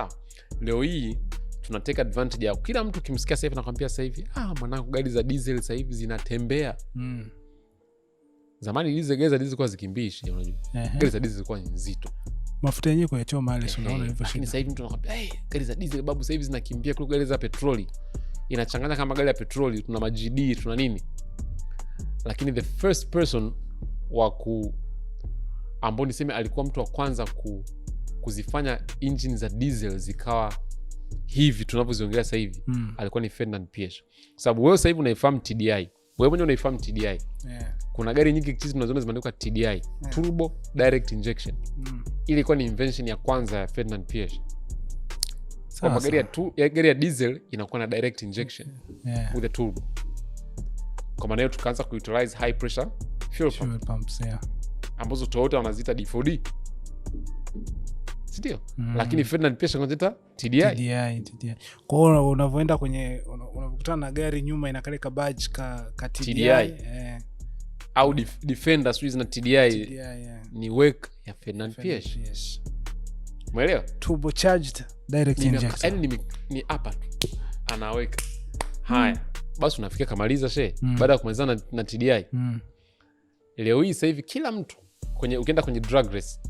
sawa. Leo hii tunateka advantage ya kila mtu, ukimsikia sasa hivi nakwambia sasa hivi ah, mwanangu, gari za diesel sasa hivi zinatembea mm. Zamani hizi gari za diesel kwa zikimbishi, unajua gari za diesel zilikuwa nzito, mafuta yenyewe kuyachoma yale, unaona hivyo. Lakini sasa hivi mtu anakwambia hey, gari za diesel babu, sasa hivi zinakimbia kuliko gari za petroli, inachanganya kama gari ya petroli, tuna majidi tuna nini, lakini the first person wa ku ambao niseme alikuwa mtu wa kwanza ku kuzifanya nin za diesel zikawa hivi tunavyoziongea sahivi mm. alikuwa ni Ferdinand Piëch, kwa sababu wewe sasa unaifahamu TDI, wewe mwenyewe unaifahamu TDI yeah. kuna gari nyingi kichizi tunaziona zimeandikwa TDI yeah. turbo direct injection mm. ili ikuwa ni invention ya kwanza ya Ferdinand Piëch. Kwa gari ya, ya, ya diesel inakuwa na direct injection yeah. with a turbo, kwa maana hiyo tukaanza kuutilize high pressure fuel, fuel pump. pumps, yeah. ambazo Toyota wanaziita dfod sindio? mm. Lakini Ferdinand pia tunaita unavyoenda kwenye unavokutana na gari nyuma inakaleka ka ka, ka TDI, TDI. Eh. Au dif, defender zina TDI, yeah. Ni wek ya Ferdinand ni tu. Anaweka. Haya. Mm. Basi unafikia kamaliza she. Mm. Baada ya kumalizana na, na TDI. Mm. Leo hii sahivi hivi kila mtu kwenye ukienda kwenye drag race